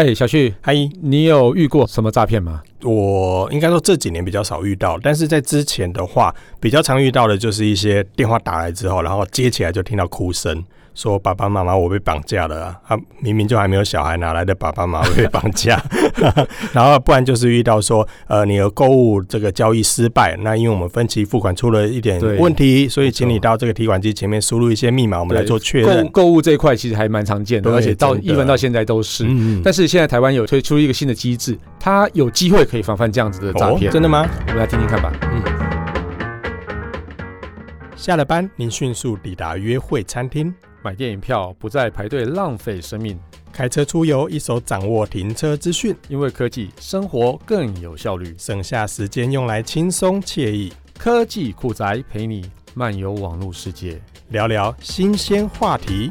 哎、hey，小旭阿姨，你有遇過什麼詐騙嗎？我應該說這幾年比較少遇到，但是在之前的話，比較常遇到的就是一些電話打來之後，然後接起來就聽到哭聲。說，爸爸媽媽，我被綁架了啊！他明明就還沒有小孩，哪來的爸爸媽媽被綁架？ 然後不然就是遇到說，呃，你的購物這個交易失敗，那因為我們分期付款出了一點問題，所以請你到這個提款機前面輸入一些密碼，我們來做確認。購物這一塊其實還蠻常見的，而且到一分到現在都是。嗯嗯，但是現在台灣有推出一個新的機制，它有機會可以防範這樣子的詐騙。哦，真的嗎？嗯，我們來聽聽看吧。嗯，下了班，您迅速抵達約會餐廳。買電影票不再排隊浪費生命，開車出遊一手掌握停車資訊，因為科技生活更有效率，省下時間用來輕鬆愜意。科技酷宅陪你漫遊網路世界，聊聊新鮮話題。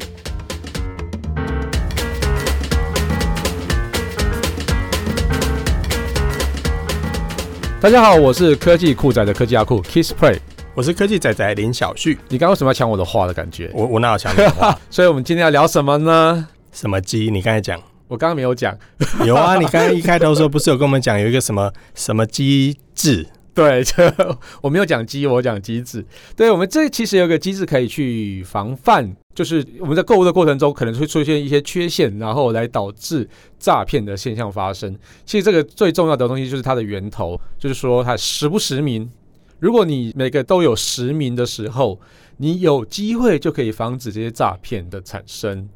大家好，我是科技酷宅的科技阿酷 Kiss Play。我是科技仔仔林小旭，你剛為什麼要搶我的話的感覺？我我哪有搶你的話？ 所以，我們今天要聊什麼呢？什麼雞？你剛才講，我剛剛沒有講。 有啊，你剛剛一開頭的時候，不是有跟我們講有一個什麼什麼機制， 製？對，我沒有講雞，我講機制。對，我們這其實有個機制可以去防範，就是我們在購物的過程中可能會出現一些缺陷，然後來導致詐騙的現象發生。其實這個最重要的東西就是它的源頭，就是說它實不實名。如果你每個都有實名的時候，你有機會就可以防止這些詐騙的產生。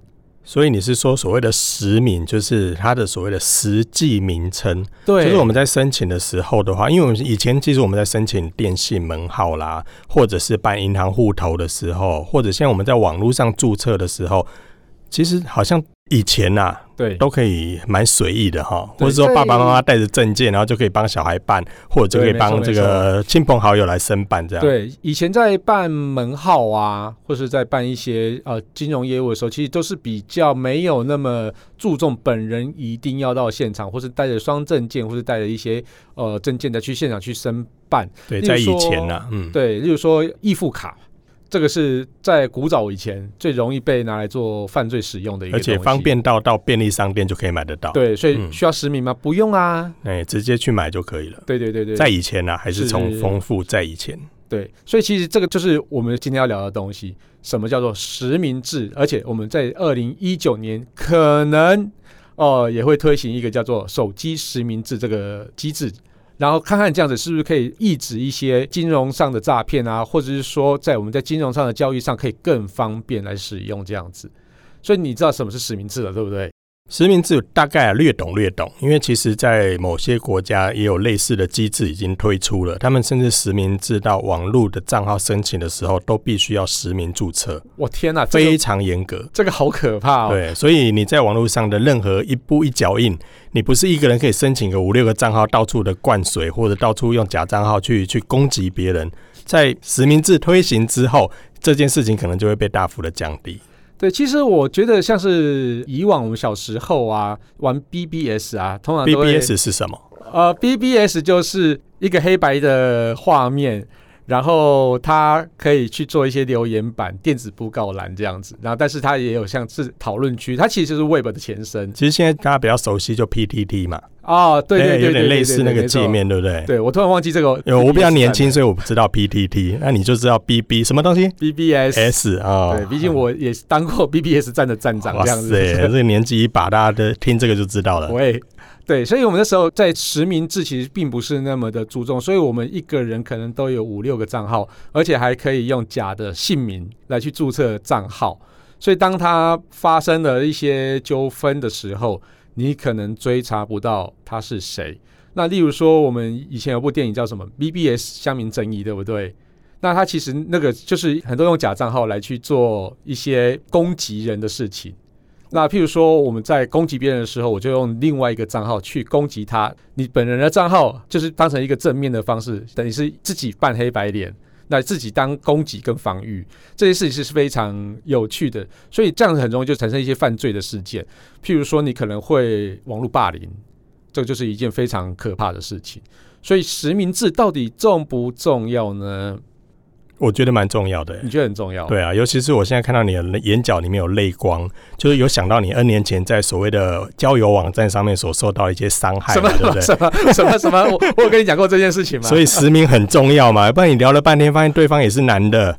所以你是說所謂的實名就是它的所謂的實際名稱？對，就是我們在申請的時候的話，因為我們以前其實我們在申請電信門號啦，或者是辦銀行戶頭的時候，或者像我們在網路上注冊的時候。其實好像以前吶、啊，對，都可以蠻隨意的哈，或是說爸爸媽媽帶着證件，然後就可以幫小孩辦，或者就可以幫這個親朋好友來申辦這樣。對，以前在辦門號啊，或是在辦一些呃金融業務的時候，其實都是比較沒有那麼注重本人一定要到現場，或是帶着雙證件，或是帶着一些呃證件再去現場去申辦。對，在以前呢、啊，嗯，對，例如說易付卡。這個是在古早以前最容易被拿來做犯罪使用的一個東西，而且方便到到便利商店就可以買得到。對，所以需要實名嗎、嗯？不用啊，哎，直接去買就可以了。對對對對，在以前呢、啊，還是從豐富在以前。對，所以其實這個就是我們今天要聊的東西，什麼叫做實名制？而且我們在二零一九年可能哦、呃、也會推行一個叫做手機實名制這個機制。然後看看這樣子是不是可以抑制一些金融上的詐騙啊，或者是說在我們在金融上的交易上可以更方便來使用這樣子，所以你知道什麼是實名制了，對不對？實名制大概略懂略懂，因為其實，在某些國家也有類似的機制已經推出了，他們甚至實名制到網絡的賬號申請的時候，都必須要實名註冊。我天哪，非常嚴格。這個，這個好可怕哦。對，所以你在網絡上的任何一步一腳印，你不是一個人可以申請個五六個賬號到處的灌水，或者到處用假賬號去去攻擊別人。在實名制推行之後，這件事情可能就會被大幅的降低。對，其實我覺得像是以往我們小時候啊，玩 BBS 啊，通常 BBS 是什麼？呃，BBS 就是一個黑白的畫面，然後它可以去做一些留言板、電子布告欄這樣子，然後但是它也有像是討論區，它其實就是 Web 的前身。其實現在大家比較熟悉就 PTT 嘛。哦，對對，對，有點類似，對對對對類似那個界面，對不對？對，我突然忘記這個，因、呃、為我比較年輕，所以我不知道 PTT。那你就知道 BB 什麼東西？BBS，S 啊、哦嗯。對，畢竟我也是當過 BBS 站的站長，這樣子是是。這個年紀一把，大家的聽這個就知道了。我 也對，所以我們那時候在實名制其實並不是那麼的注重，所以我們一個人可能都有五六個賬號，而且還可以用假的姓名來去注冊賬號。所以當它發生了一些糾紛的時候。你可能追查不到他是誰。那例如說，我們以前有部電影叫什麼《BBS 鄉民正義》對不對？那他其實那個就是很多用假賬號來去做一些攻擊人的事情。那譬如說，我們在攻擊別人的時候，我就用另外一個賬號去攻擊他，你本人的賬號就是當成一個正面的方式，等於是自己扮黑白臉。在自己當攻擊跟防禦，這些事情是非常有趣的，所以這樣子很容易就產生一些犯罪的事件，譬如說你可能會網絡霸凌，這就是一件非常可怕的事情。所以實名制到底重不重要呢？我覺得蠻重要的、欸。你覺得很重要、啊？對啊，尤其是我現在看到你的眼角裡面有淚光，就是有想到你 N 年前在所謂的交友網站上面所受到一些傷害什對對，什麼什麼什麼什 麼？我有跟你講過這件事情嗎？所以實名很重要嘛，不然你聊了半天，發現對方也是男的，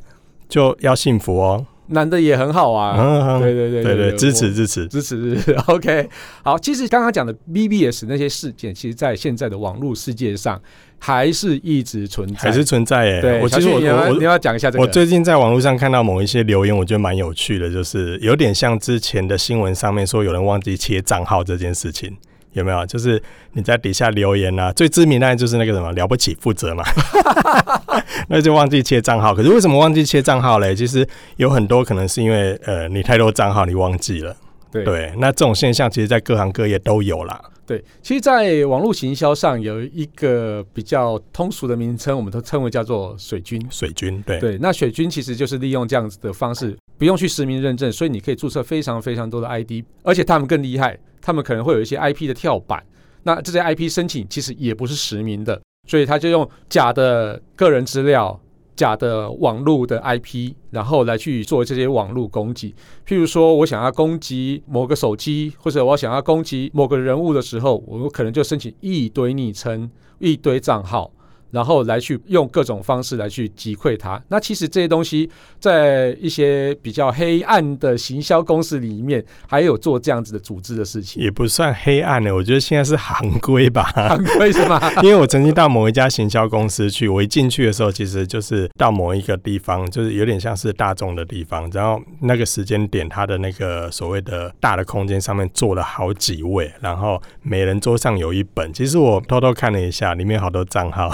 就要幸福哦。男的也很好啊，對對對對對，對對支持支持支持支持 ，OK，好。其實剛剛講的 BBS 那些事件，其實，在現在的網絡世界上，還是一直存在。還是存在欸。對，其實我我你，有有我你要，要講一下這個。我最近在網絡上看到某一些留言，我覺得蠻有趣的，就是有點像之前的新聞上面說有人忘記切賬號這件事情。有沒有？就是你在底下留言啊，最知名那，就是那個什麼了不起負責嘛， 那就忘記切賬號。可是為什麼忘記切賬號嘞？其實有很多可能是因為，呃，你太多賬號，你忘記了對。對，那這種現象，其實在各行各業都有啦。對，其實，在網絡行銷上有一個比較通俗的名稱，我們都稱為叫做水軍。水軍，對。對，那水軍其實就是利用這樣子的方式，不用去實名認證，所以你可以注冊非常非常多的 ID，而且他們更厲害，他們可能會有一些 IP 的跳板。那這些 IP 申請其實也不是實名的，所以他就用假的個人資料。假的網絡的 IP，然後來去做這些網絡攻擊。譬如說，我想要攻擊某個手機，或者我想要攻擊某個人物的時候，我可能就申請一堆昵稱、一堆賬號。然後來去用各種方式來去擊潰他。那其實這些東西在一些比較黑暗的行銷公司裡面，還有做這樣子的組織的事情，也不算黑暗的。我覺得現在是行規吧，行規是嗎？ 因為我曾經到某一家行銷公司去，我一進去的時候，其實就是到某一個地方，就是有點像是大眾的地方。然後那個時間點，他的那個所謂的大的空間上面坐了好幾位，然後每人桌上有一本。其實我偷偷看了一下，裡面有好多賬號。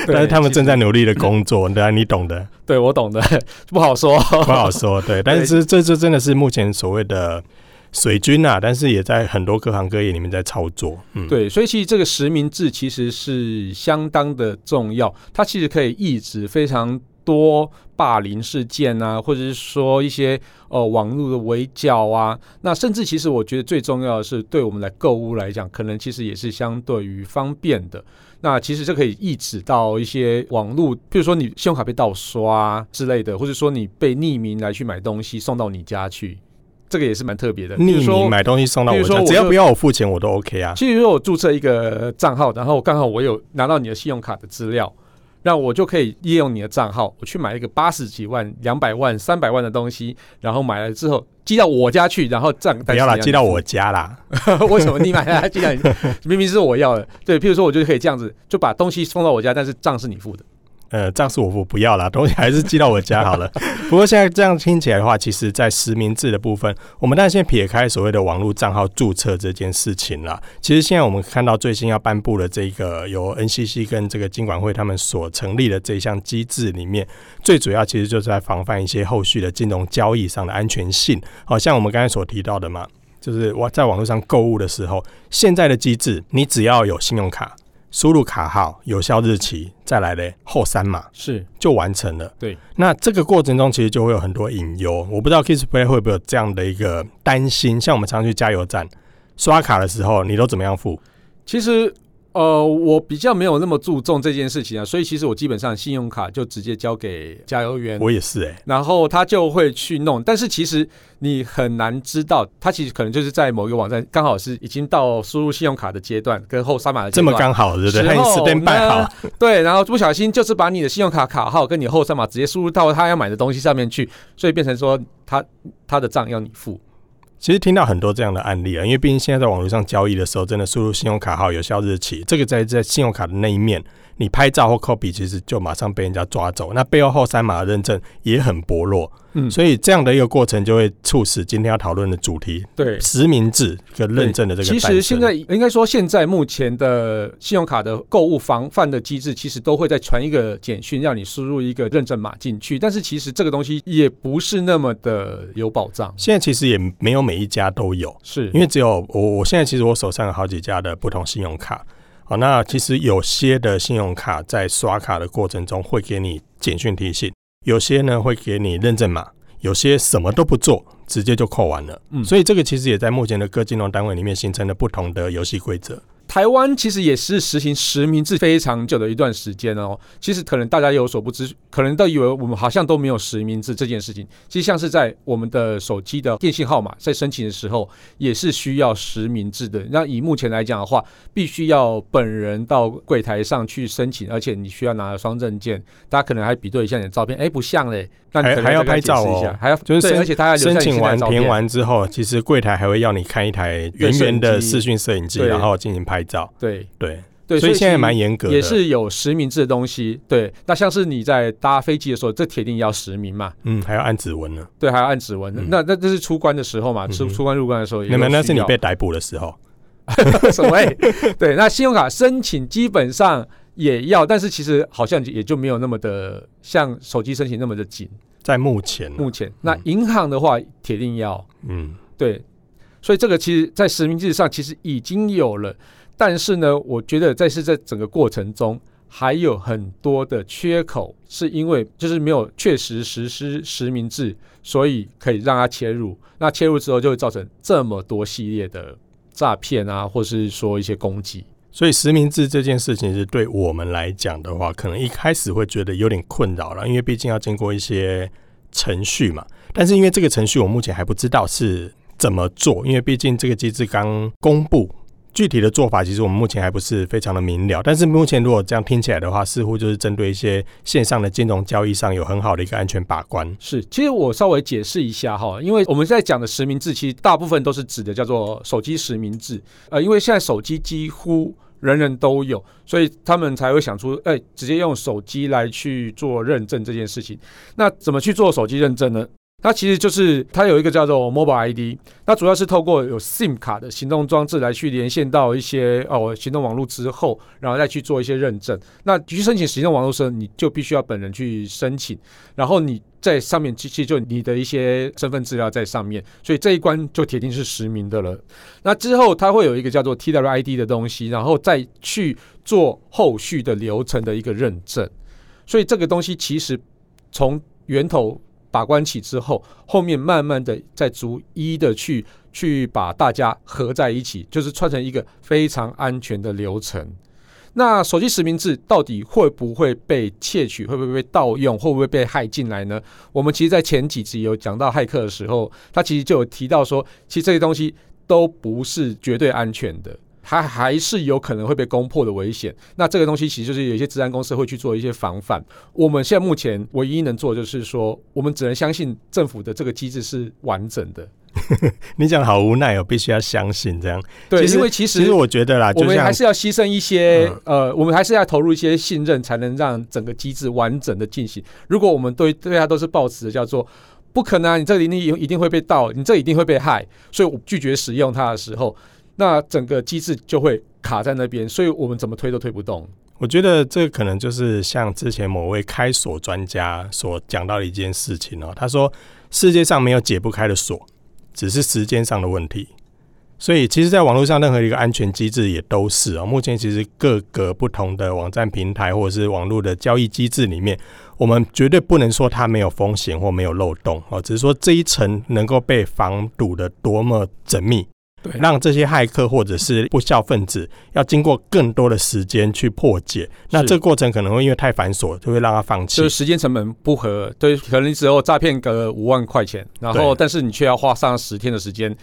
但是他們正在努力的工作，對，你懂的。對，我懂的，不好說，不好說。對，對但是這這這真的是目前所謂的水軍啊，但是也在很多各行各業裡面在操作。嗯，對，所以其實這個實名制其實是相當的重要，它其實可以抑制非常。多霸凌事件啊，或者是說一些呃網絡的圍剿啊，那甚至其實我覺得最重要的是，對我們來購物來講，可能其實也是相對於方便的。那其實這可以抑制到一些網絡，譬如說你信用卡被盜刷之類的，或者說你被匿名來去買東西送到你家去，這個也是蠻特別的，就是說。匿名買東西送到我家，我只要不要我付錢，我都 OK 啊。其實如果我註冊一個賬號，然後剛好我有拿到你的信用卡的資料。那我就可以利用你的賬號，我去買一個八十幾萬、兩百萬、三百萬的東西，然後買了之後寄到我家去，然後賬不，不要啦，寄到我家啦。 為什麼你買啦，寄到你？ 明明是我要的。對，譬如說，我就可以這樣子，就把東西送到我家，但是賬是你付的。呃，暫時我我不要了，東西還是寄到我家好了。 不過現在這樣聽起來的話，其實，在實名制的部分，我們當然先撇開所謂的網絡賬號註冊這件事情了。其實現在我們看到最新要頒布的這個由 NCC 跟這個金管會他們所成立的這一項機制裡面，最主要其實就是在防範一些後續的金融交易上的安全性。好、哦、像我們剛才所提到的嘛，就是我在網絡上購物的時候，現在的機制，你只要有信用卡。輸入卡號、有效日期，再來的後三碼，是就完成了。對，那這個過程中其實就會有很多隱憂，我不知道 Kiss Play 會不會有這樣的一個擔心。像我們常常去加油站刷卡的時候，你都怎麼樣付？其實。呃，我比較沒有那麼注重這件事情啊，所以其實我基本上信用卡就直接交給加油員，我也是哎、欸，然後他就會去弄。但是其實你很難知道，他其實可能就是在某一個網站剛好是已經到輸入信用卡的階段，跟後三碼這麼剛好，對不對？時他也是隨便辦好，對，然後不小心就是把你的信用卡卡號跟你後三碼直接輸入到他要買的東西上面去，所以變成說他他的賬要你付。其實聽到很多這樣的案例了，因為畢竟現在在網絡上交易的時候，真的輸入信用卡號、有效日期，這個在在信用卡的那一面，你拍照或 copy，其實就馬上被人家抓走。那背後後三碼的認證也很薄弱。嗯，所以這樣的一個過程就會促使今天要討論的主題，對實名制跟認證的這個。其實現在應該說，現在目前的信用卡的購物防範的機制，其實都會再傳一個簡訊，讓你輸入一個認證碼進去。但是其實這個東西也不是那麼的有保障。現在其實也沒有每一家都有，是因為只有我，我現在其實我手上有好幾家的不同信用卡。好，那其實有些的信用卡在刷卡的過程中會給你簡訊提醒。有些呢會給你認證碼，有些什麼都不做，直接就扣完了。嗯，所以這個其實也在目前的各金融單位裡面形成了不同的遊戲規則。台灣其實也是實行實名制非常久的一段時間哦。其實可能大家也有所不知，可能都以為我們好像都沒有實名制這件事情。其實像是在我們的手機的電信號碼在申請的時候，也是需要實名制的。那以目前來講的話，必須要本人到櫃台上去申請，而且你需要拿雙證件。大家可能還比對一下你的照片，哎，不像嘞，那還要，還要拍照哦，還要就是對，而且大家申請完填完之後，其實櫃台還會要你看一台圓圓的視訊攝影機，對，然後進行拍。對對對，所以現在蠻嚴格的，也是有實名制的東西。對，那像是你在搭飛機的時候，這鐵定要實名嘛？嗯，還要按指紋呢。對，還要按指紋、嗯。那那這是出關的時候嘛？嗯、出出關入關的時候，你們那是你被逮捕的時候，所 謂麼、欸、 對，那信用卡申請基本上也要，但是其實好像也就沒有那麼的像手機申請那麼的緊。在目前、啊，目前那銀行的話鐵、嗯、定要，嗯，對。所以這個其實在實名制上其實已經有了。但是呢，我覺得在是在整個過程中還有很多的缺口，是因為就是沒有確實實施實實名制，所以可以讓它切入。那切入之後就會造成這麼多系列的詐騙啊，或是說一些攻擊。所以實名制這件事情是對我們來講的話，可能一開始會覺得有點困擾了，因為畢竟要經過一些程序嘛。但是因為這個程序，我目前還不知道是怎麼做，因為畢竟這個機制剛公布。具體的做法其實我們目前還不是非常的明了，但是目前如果這樣聽起來的話，似乎就是針對一些線上的金融交易上有很好的一個安全把關。是，其實我稍微解釋一下哈，因為我們現在講的實名制，其實大部分都是指的叫做手機實名制。呃，因為現在手機幾乎人人都有，所以他們才會想出，哎，直接用手機來去做認證這件事情。那怎麼去做手機認證呢？它其實就是它有一個叫做 Mobile ID，那主要是透過有 SIM 卡的行動裝置來去連線到一些哦行動網絡之後，然後再去做一些認證。那去申請行動網絡時候，你就必須要本人去申請，然後你在上面其實就你的一些身份資料在上面，所以這一關就鐵定是實名的了。那之後它會有一個叫做 TW ID 的東西，然後再去做後續的流程的一個認證。所以這個東西其實從源頭，把關起之後，後面慢慢的再逐一的去去把大家合在一起，就是串成一個非常安全的流程。那手機實名制到底會不會被竊取？會不會被盜用？會不會被害進來呢？我們其實在前幾集有講到駭客的時候，他其實就有提到說，其實這些東西都不是絕對安全的。它還是有可能會被攻破的危險。那這個東西其實就是有一些資安公司會去做一些防範。我們現在目前唯一能做的就是說，我們只能相信政府的這個機制是完整的。 你講好無奈哦，必須要相信這樣。對，因為其實，其實我覺得啦，我們還是要犧牲一些、嗯、呃，我們還是要投入一些信任，才能讓整個機制完整的進行。如果我們對對它都是抱持的叫做不可能、啊，你這裡你一定會被盜，你這一定會被害，所以我拒絕使用它的時候。那整個機制就會卡在那邊，所以我們怎麼推都推不動。我覺得這可能就是像之前某位開鎖專家所講到的一件事情哦。他說：“世界上沒有解不開的鎖，只是時間上的問題。”所以，其實在網絡上任何一個安全機制也都是哦。目前其實各個不同的網站平台或者是網絡的交易機制裡面，我們絕對不能說它沒有風險或沒有漏洞哦，只是說這一層能夠被防堵得多麼縝密。對啊、讓這些駭客或者是不肖分子要經過更多的時間去破解，那這個過程可能會因為太繁瑣，就會讓他放棄。就是時間成本不合，對，可能你只有詐騙個五萬塊錢，然後但是你卻要花上十天的時間，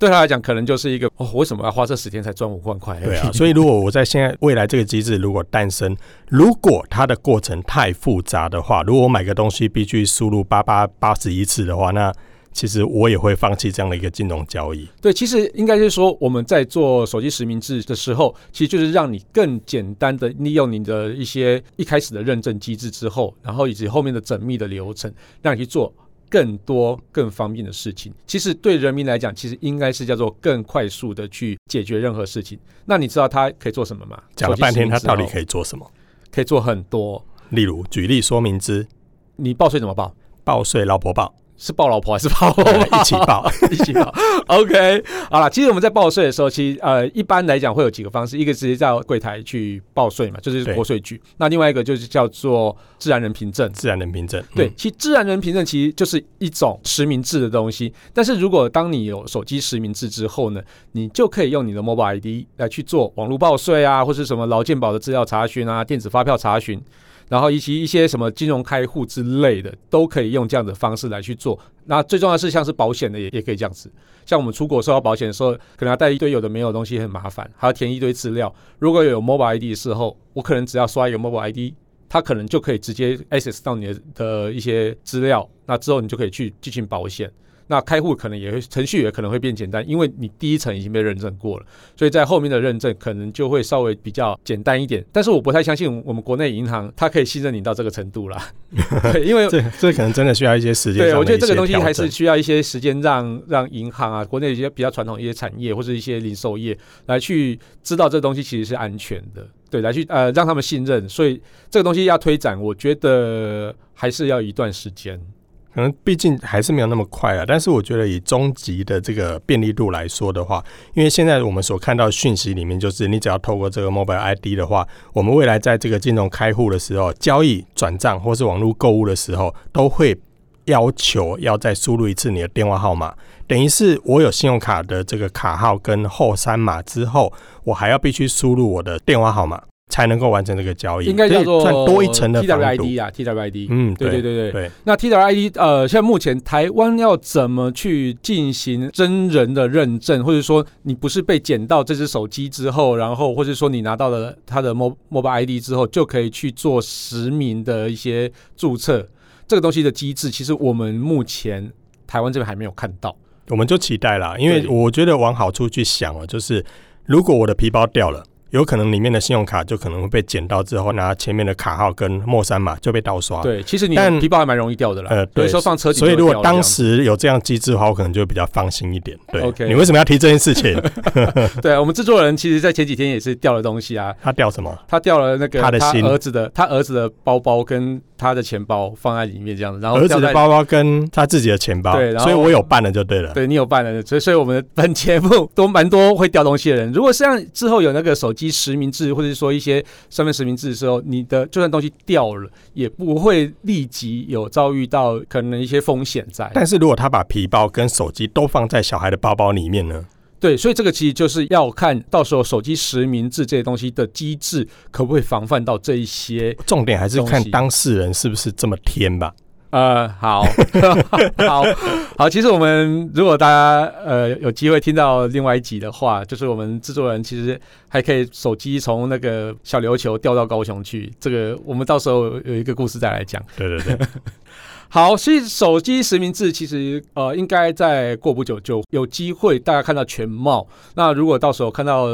對他來講可能就是一個，哦、為什麼要花這十天才賺五萬塊？對啊，所以如果我在現在未來這個機制如果誕生，如果它的過程太複雜的話，如果我買個東西必須輸入八八八十一次的話，那。其實我也會放棄這樣的一個金融交易。對，其實應該就是說我們在做手機實名制的時候，其實就是讓你更簡單的利用你的一些一開始的認證機制之後，然後以及後面的縝密的流程，讓你去做更多更方便的事情。其實對人民來講，其實應該是叫做更快速的去解決任何事情。那你知道它可以做什麼嗎？講了半天，它到底可以做什麼？可以做很多，例如舉例說明之，你報稅怎麼報？報稅，老婆報。是抱老婆還是抱我？啊，一起抱， 一起抱。 OK，好了，其實我們在報稅的時候，其實呃，一般來講會有幾個方式，一個直接在櫃檯去報稅嘛，就是國稅局；那另外一個就是叫做自然人憑證，自然人憑證。對，嗯、其實自然人憑證其實就是一種實名制的東西。但是如果當你有手機實名制之後呢，你就可以用你的 Mobile ID 來去做網絡報稅啊，或是什麼勞健保的資料查詢啊，電子發票查詢。然後以及一些什麼金融開戶之類的，都可以用這樣的方式來去做。那最重要的是，像是保險的也也可以這樣子。像我們出國收到保險的時候，可能要帶一堆有的沒有的東西很麻煩，還要填一堆資料。如果有 mobile ID 的時候，我可能只要刷一個 mobile ID，它可能就可以直接 access 到你的的一些資料。那之後你就可以去進行保險。那開戶可能也會，程序也可能會變簡單，因為你第一層已經被認證過了，所以在後面的認證可能就會稍微比較簡單一點。但是我不太相信我們國內銀行它可以信任你到這個程度啦， 對，因為這，這可能真的需要一些時間。對，我覺得這個東西還是需要一些時間，讓讓銀行啊，國內一些比較傳統一些產業或者一些零售業來去知道這東西其實是安全的，對，來去呃讓他們信任。所以這個東西要推展，我覺得還是要一段時間。可能畢竟還是沒有那麼快啊，但是我覺得以終極的這個便利度來說的話，因為現在我們所看到訊息裡面，就是你只要透過這個 mobile ID 的話，我們未來在這個金融開戶的時候，交易轉賬或是網絡購物的時候，都會要求要再輸入一次你的電話號碼。等於是我有信用卡的這個卡號跟後三碼之後，我還要必須輸入我的電話號碼。才能夠完成這個交易，應該叫做算多一層的 T W I D 啊，T W I D，嗯，對對對對對,對,對,對。那 T W I D，呃，現在目前台灣要怎麼去進行真人的認證，或者說你不是被撿到這隻手機之後，然後或者說你拿到了他的 mo mobile I D 之後，就可以去做實名的一些注冊，這個東西的機制，其實我們目前台灣這邊還沒有看到，我們就期待啦，因為我覺得往好處去想哦、啊，就是如果我的皮包掉了。有可能裡面的信用卡就可能會被撿到之後，拿前面的卡號跟末三碼就被盜刷。對，其實你但皮包還蠻容易掉的了。呃，有時放車，所以如果當時有這樣機制的話，我可能就比較放心一點。對，OK。你為什麼要提這件事情？ 對、啊、我們製作人，其實在前幾天也是掉了東西啊。他掉什麼？他掉了那個他的心、他兒子的、他兒子的包包跟他的錢包放在裡面這樣子，然後兒子的包包跟他自己的錢包。對，然後所以我有辦了就對了。對，你有辦了，所以所以我們本節目都蠻多會掉東西的人。如果像之後有那個手。及實名制，或者是說一些身份實名制的時候，你的就算東西掉了，也不會立即有遭遇到可能一些風險在。但是如果他把皮包跟手機都放在小孩的包包裡面呢？對，所以這個其實就是要看到時候手機實名制這些東西的機制可不可以防範到這一些重點，還是看當事人是不是這麼天吧。呃，好好好，其實我們如果大家呃有機會聽到另外一集的話，就是我們制作人其實還可以手機從那個小琉球調到高雄去，這個我們到時候有一個故事再來講。對對對。呵呵好，所以手機實名制其實呃，應該再過不久就有機會大家看到全貌。那如果到時候看到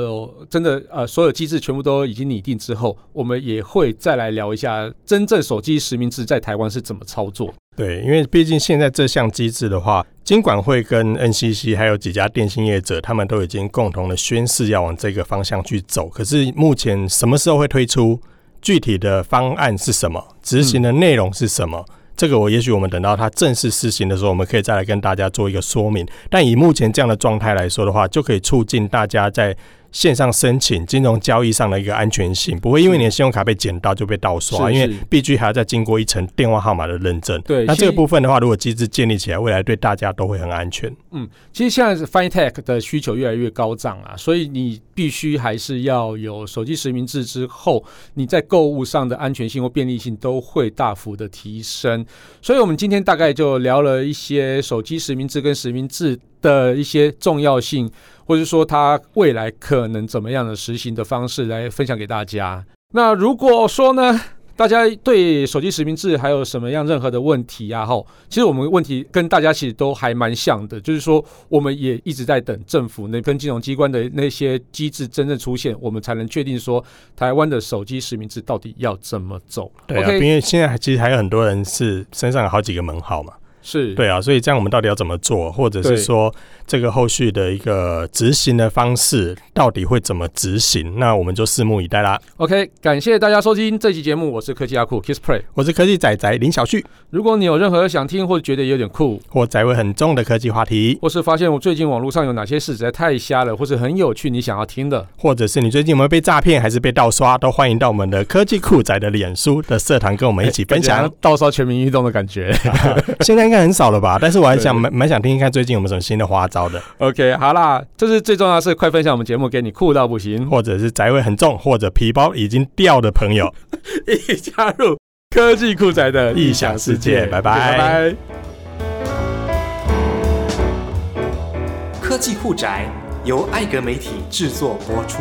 真的呃，所有機制全部都已經擬定之後，我們也會再來聊一下真正手機實名制在台灣是怎麼操作。對，因為畢竟現在這項機制的話，金管會、跟 NCC 還有幾家電信業者，他們都已經共同的宣示要往這個方向去走。可是目前什麼時候會推出？具體的方案是什麼？執行的內容是什麼？嗯這個我也許我們等到它正式施行的時候，我們可以再來跟大家做一個說明。但以目前這樣的狀態來說的話，就可以促進大家在線上申請，金融交易上的一個安全性，不會因為你的信用卡被撿到就被盜刷，因為必須還要再經過一層電話號碼的認證。對，那這個部分的話，如果機制建立起來，未來對大家都會很安全。嗯，其實現在是 fintech 的需求越來越高漲啊，所以你必須還是要有手機實名制之後，你在購物上的安全性或便利性都會大幅的提升。所以我們今天大概就聊了一些手機實名制跟實名制的一些重要性，或是說它未來可能怎麼樣的實行的方式，來分享給大家。那如果說呢，大家對手機實名制還有什麼樣任何的問題啊？吼，其實我們問題跟大家其實都還蠻像的，就是說我們也一直在等政府那跟金融機關的那些機制真正出現，我們才能確定說台灣的手機實名制到底要怎麼走。對、啊 okay，因為現在其實還有很多人是身上有好幾個門號嘛。是對啊，所以這樣我們到底要怎麼做，或者是說這個後續的一個執行的方式到底會怎麼執行？那我們就拭目以待啦。OK，感謝大家收聽這期節目我、Kissplay，我是科技阿酷 Kiss Play，我是科技仔仔林小旭。如果你有任何想聽或者覺得有點酷或仔味很重的科技話題，或是發現我最近網絡上有哪些事實在太瞎了，或是很有趣你想要聽的，或者是你最近有沒有被詐騙還是被盜刷，都歡迎到我們的科技酷仔的臉書的社團跟我們一起分享，哎、盜刷全民運動的感覺。啊、 現在。應該很少了吧，但是我還想蠻蠻 想聽,聽，看最近有沒有什麼新的花招的。OK，好啦，這、就是最重要，是快分享我們節目給你酷到不行，或者是宅味很重，或者皮包已經掉的朋友， 一起加入科技酷宅的異想,想世界。拜拜拜拜！科技酷宅由艾格媒體制作播出。